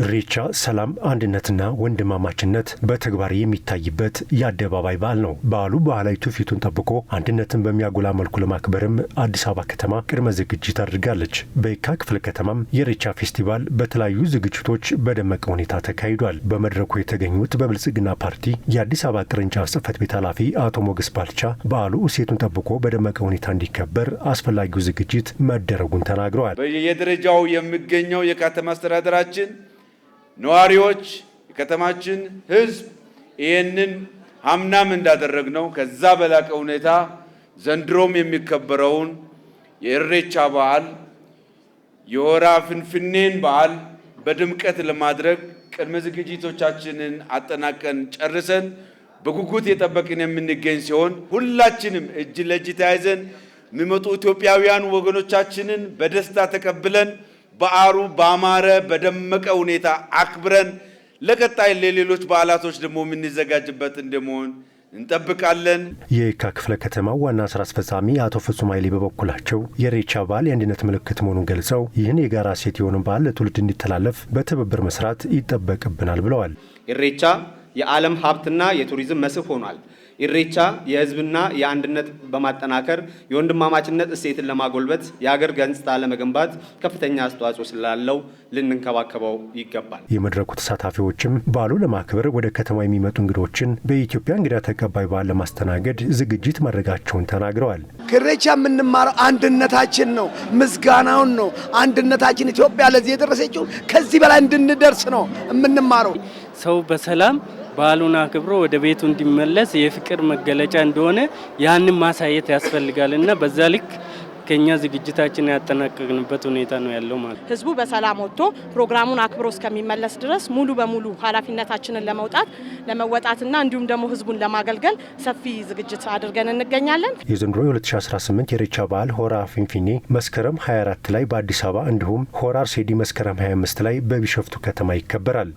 ኢሬቻ ሰላም፣ አንድነትና ወንድማማችነት በተግባር የሚታይበት የአደባባይ በዓል ነው። በዓሉ ባህላዊ ትውፊቱን ጠብቆ አንድነትን በሚያጎላ መልኩ ለማክበርም አዲስ አበባ ከተማ ቅድመ ዝግጅት አድርጋለች። በየካ ክፍለ ከተማም የኢሬቻ ፌስቲቫል በተለያዩ ዝግጅቶች በደመቀ ሁኔታ ተካሂዷል። በመድረኩ የተገኙት በብልጽግና ፓርቲ የአዲስ አበባ ቅርንጫፍ ጽህፈት ቤት ኃላፊ አቶ ሞገስ ባልቻ በዓሉ እሴቱን ጠብቆ በደመቀ ሁኔታ እንዲከበር አስፈላጊው ዝግጅት መደረጉን ተናግረዋል። በየደረጃው የሚገኘው የከተማ አስተዳደራችን ነዋሪዎች፣ የከተማችን ህዝብ ይህንን እንዳደረግ ነው ከዛ በላቀ ሁኔታ ዘንድሮም የሚከበረውን የእሬቻ በዓል የሆራ ፍንፍኔን በዓል በድምቀት ለማድረግ ቅድመ ዝግጅቶቻችንን አጠናቀን ጨርሰን በጉጉት የጠበቅን የምንገኝ ሲሆን ሁላችንም እጅ ለእጅ ተያይዘን የሚመጡ ኢትዮጵያውያን ወገኖቻችንን በደስታ ተቀብለን በዓሉ ባማረ በደመቀ ሁኔታ አክብረን ለቀጣይ ለሌሎች በዓላቶች ደግሞ የምንዘጋጅበት እንደመሆን እንጠብቃለን። የካ ክፍለ ከተማው ዋና ስራ አስፈጻሚ አቶ ፍጹም ኃይሌ በበኩላቸው የሬቻ በዓል የአንድነት ምልክት መሆኑን ገልጸው ይህን የጋራ ሴት የሆነ በዓል ለትውልድ እንዲተላለፍ በትብብር መስራት ይጠበቅብናል ብለዋል። ኢሬቻ የዓለም ሀብትና የቱሪዝም መስህብ ሆኗል። ኢሬቻ የህዝብና የአንድነት በማጠናከር የወንድማማችነት እሴትን ለማጎልበት የሀገር ገጽታ ለመገንባት ከፍተኛ አስተዋጽኦ ስላለው ልንንከባከበው ይገባል። የመድረኩ ተሳታፊዎችም በዓሉ ለማክበር ወደ ከተማ የሚመጡ እንግዶችን በኢትዮጵያ እንግዳ ተቀባይ በዓል ለማስተናገድ ዝግጅት ማድረጋቸውን ተናግረዋል። ኢሬቻ የምንማረው አንድነታችን ነው፣ ምስጋናውን ነው። አንድነታችን ኢትዮጵያ ለዚህ የደረሰችው ከዚህ በላይ እንድንደርስ ነው የምንማረው ሰው በሰላም በዓሉን አክብሮ ወደ ቤቱ እንዲመለስ የፍቅር መገለጫ እንደሆነ ያንን ማሳየት ያስፈልጋል እና በዛ ልክ ከኛ ዝግጅታችን ያጠናቀቅንበት ሁኔታ ነው ያለው። ማለት ህዝቡ በሰላም ወጥቶ ፕሮግራሙን አክብሮ እስከሚመለስ ድረስ ሙሉ በሙሉ ኃላፊነታችንን ለመውጣት ለመወጣትና እንዲሁም ደግሞ ህዝቡን ለማገልገል ሰፊ ዝግጅት አድርገን እንገኛለን። የዘንድሮ የ2018 የኢሬቻ በዓል ሆራ ፊንፊኔ መስከረም 24 ላይ በአዲስ አበባ እንዲሁም ሆራ አርሴዲ መስከረም 25 ላይ በቢሸፍቱ ከተማ ይከበራል።